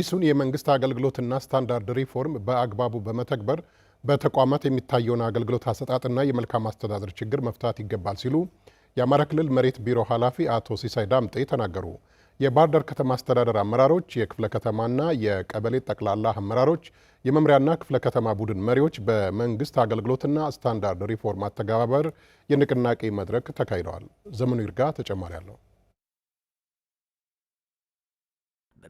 አዲሱን የመንግስት አገልግሎትና ስታንዳርድ ሪፎርም በአግባቡ በመተግበር በተቋማት የሚታየውን አገልግሎት አሰጣጥና የመልካም አስተዳደር ችግር መፍታት ይገባል ሲሉ የአማራ ክልል መሬት ቢሮ ኃላፊ አቶ ሲሳይ ዳምጤ ተናገሩ። የባህር ዳር ከተማ አስተዳደር አመራሮች፣ የክፍለ ከተማና የቀበሌ ጠቅላላ አመራሮች፣ የመምሪያና ክፍለ ከተማ ቡድን መሪዎች በመንግስት አገልግሎትና ስታንዳርድ ሪፎርም አተገባበር የንቅናቄ መድረክ ተካሂደዋል። ዘመኑ ይርጋ ተጨማሪ አለው።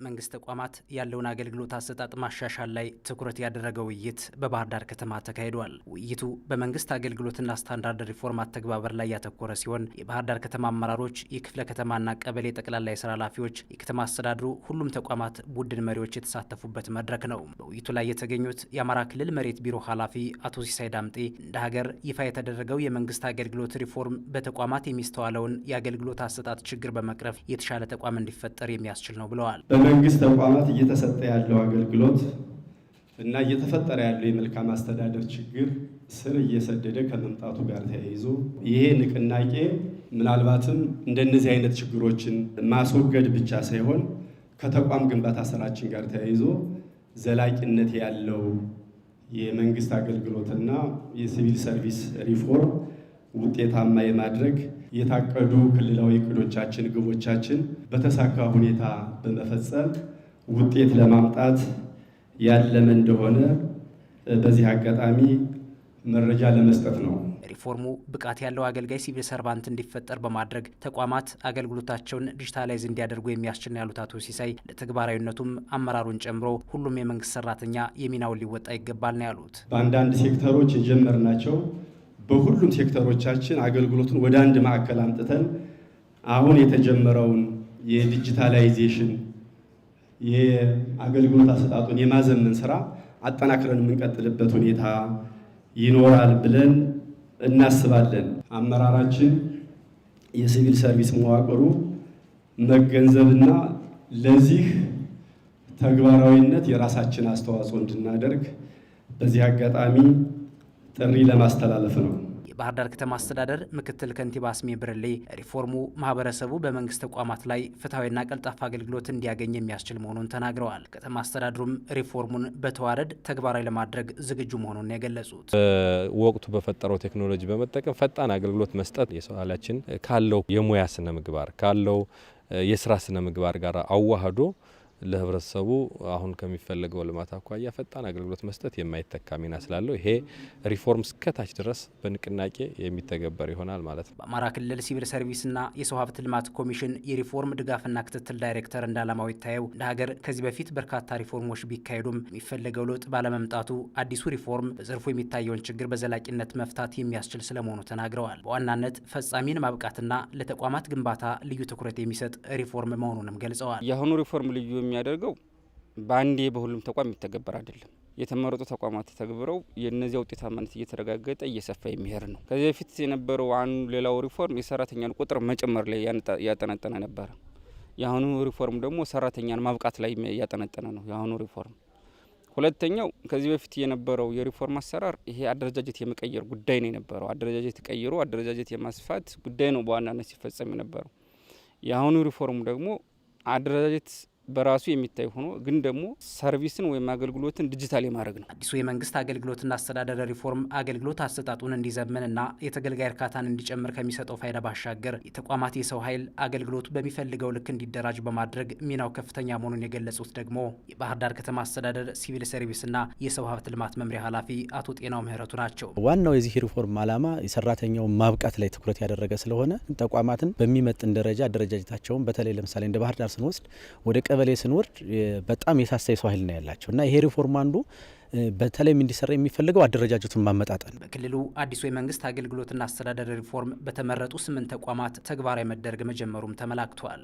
መንግስት ተቋማት ያለውን አገልግሎት አሰጣጥ ማሻሻል ላይ ትኩረት ያደረገ ውይይት በባህር ዳር ከተማ ተካሂዷል። ውይይቱ በመንግስት አገልግሎትና ስታንዳርድ ሪፎርም አተግባበር ላይ ያተኮረ ሲሆን የባህር ዳር ከተማ አመራሮች፣ የክፍለ ከተማና ቀበሌ ጠቅላላ የስራ ኃላፊዎች፣ የከተማ አስተዳድሩ፣ ሁሉም ተቋማት ቡድን መሪዎች የተሳተፉበት መድረክ ነው። በውይይቱ ላይ የተገኙት የአማራ ክልል መሬት ቢሮ ኃላፊ አቶ ሲሳይ ዳምጤ እንደ ሀገር ይፋ የተደረገው የመንግስት አገልግሎት ሪፎርም በተቋማት የሚስተዋለውን የአገልግሎት አሰጣጥ ችግር በመቅረፍ የተሻለ ተቋም እንዲፈጠር የሚያስችል ነው ብለዋል። በመንግስት ተቋማት እየተሰጠ ያለው አገልግሎት እና እየተፈጠረ ያለው የመልካም አስተዳደር ችግር ስር እየሰደደ ከመምጣቱ ጋር ተያይዞ ይሄ ንቅናቄ ምናልባትም እንደነዚህ አይነት ችግሮችን ማስወገድ ብቻ ሳይሆን ከተቋም ግንባታ ስራችን ጋር ተያይዞ ዘላቂነት ያለው የመንግስት አገልግሎትና የሲቪል ሰርቪስ ሪፎርም ውጤታማ የማድረግ የታቀዱ ክልላዊ እቅዶቻችን፣ ግቦቻችን በተሳካ ሁኔታ በመፈጸም ውጤት ለማምጣት ያለመ እንደሆነ በዚህ አጋጣሚ መረጃ ለመስጠት ነው። ሪፎርሙ ብቃት ያለው አገልጋይ ሲቪል ሰርቫንት እንዲፈጠር በማድረግ ተቋማት አገልግሎታቸውን ዲጂታላይዝ እንዲያደርጉ የሚያስችል ያሉት አቶ ሲሳይ ለተግባራዊነቱም አመራሩን ጨምሮ ሁሉም የመንግስት ሰራተኛ የሚናውን ሊወጣ ይገባል ነው ያሉት። በአንዳንድ ሴክተሮች የጀመርናቸው በሁሉም ሴክተሮቻችን አገልግሎቱን ወደ አንድ ማዕከል አምጥተን አሁን የተጀመረውን የዲጂታላይዜሽን የአገልግሎት አሰጣጡን የማዘመን ስራ አጠናክረን የምንቀጥልበት ሁኔታ ይኖራል ብለን እናስባለን። አመራራችን የሲቪል ሰርቪስ መዋቅሩ መገንዘብና ለዚህ ተግባራዊነት የራሳችን አስተዋጽኦ እንድናደርግ በዚህ አጋጣሚ ጥሪ ለማስተላለፍ ነው። የባህር ዳር ከተማ አስተዳደር ምክትል ከንቲባ አስሜ ብርሌ ሪፎርሙ ማህበረሰቡ በመንግስት ተቋማት ላይ ፍትሐዊና ቀልጣፋ አገልግሎት እንዲያገኝ የሚያስችል መሆኑን ተናግረዋል። ከተማ አስተዳደሩም ሪፎርሙን በተዋረድ ተግባራዊ ለማድረግ ዝግጁ መሆኑን የገለጹት ወቅቱ በፈጠረው ቴክኖሎጂ በመጠቀም ፈጣን አገልግሎት መስጠት የሰው ካለው የሙያ ስነ ምግባር ካለው የስራ ስነ ምግባር ጋር አዋህዶ ለህብረተሰቡ አሁን ከሚፈለገው ልማት አኳያ ፈጣን አገልግሎት መስጠት የማይተካ ሚና ስላለው ይሄ ሪፎርም እስከታች ድረስ በንቅናቄ የሚተገበር ይሆናል ማለት ነው። በአማራ ክልል ሲቪል ሰርቪስና የሰው ሀብት ልማት ኮሚሽን የሪፎርም ድጋፍና ክትትል ዳይሬክተር እንዳላማው ይታየው እንደ ሀገር ከዚህ በፊት በርካታ ሪፎርሞች ቢካሄዱም የሚፈለገው ለውጥ ባለመምጣቱ አዲሱ ሪፎርም በዘርፉ የሚታየውን ችግር በዘላቂነት መፍታት የሚያስችል ስለመሆኑ ተናግረዋል። በዋናነት ፈጻሚን ማብቃትና ለተቋማት ግንባታ ልዩ ትኩረት የሚሰጥ ሪፎርም መሆኑንም ገልጸዋል። የአሁኑ ሪፎርም ልዩ የሚያደርገው በአንዴ በሁሉም ተቋም የሚተገበር አይደለም። የተመረጡ ተቋማት ተግብረው የእነዚያ ውጤታማነት እየተረጋገጠ እየሰፋ የሚሄድ ነው። ከዚህ በፊት የነበረው አንዱ ሌላው ሪፎርም የሰራተኛን ቁጥር መጨመር ላይ ያጠነጠነ ነበረ። የአሁኑ ሪፎርም ደግሞ ሰራተኛን ማብቃት ላይ እያጠነጠነ ነው የአሁኑ ሪፎርም። ሁለተኛው ከዚህ በፊት የነበረው የሪፎርም አሰራር ይሄ አደረጃጀት የመቀየር ጉዳይ ነው የነበረው። አደረጃጀት ቀይሮ አደረጃጀት የማስፋት ጉዳይ ነው በዋናነት ሲፈጸም የነበረው። የአሁኑ ሪፎርም ደግሞ አደረጃጀት በራሱ የሚታይ ሆኖ ግን ደግሞ ሰርቪስን ወይም አገልግሎትን ዲጂታል የማድረግ ነው። አዲሱ የመንግስት አገልግሎትና አስተዳደር ሪፎርም አገልግሎት አሰጣጡን እንዲዘምንና የተገልጋይ እርካታን እንዲጨምር ከሚሰጠው ፋይዳ ባሻገር የተቋማት የሰው ኃይል አገልግሎቱ በሚፈልገው ልክ እንዲደራጅ በማድረግ ሚናው ከፍተኛ መሆኑን የገለጹት ደግሞ የባህር ዳር ከተማ አስተዳደር ሲቪል ሰርቪስና የሰው ሀብት ልማት መምሪያ ኃላፊ አቶ ጤናው ምህረቱ ናቸው። ዋናው የዚህ ሪፎርም አላማ የሰራተኛውን ማብቃት ላይ ትኩረት ያደረገ ስለሆነ ተቋማትን በሚመጥን ደረጃ አደረጃጀታቸውን በተለይ ለምሳሌ እንደ ባህር ዳር ስንወስድ ወደ ቀበሌ ስንወርድ በጣም የሳሳ የሰው ኃይል ነው ያላቸው እና ይሄ ሪፎርም አንዱ በተለይም እንዲሰራ የሚፈልገው አደረጃጀቱን ማመጣጠን። በክልሉ አዲሱ የመንግስት አገልግሎትና አስተዳደር ሪፎርም በተመረጡ ስምንት ተቋማት ተግባራዊ መደረግ መጀመሩም ተመላክቷል።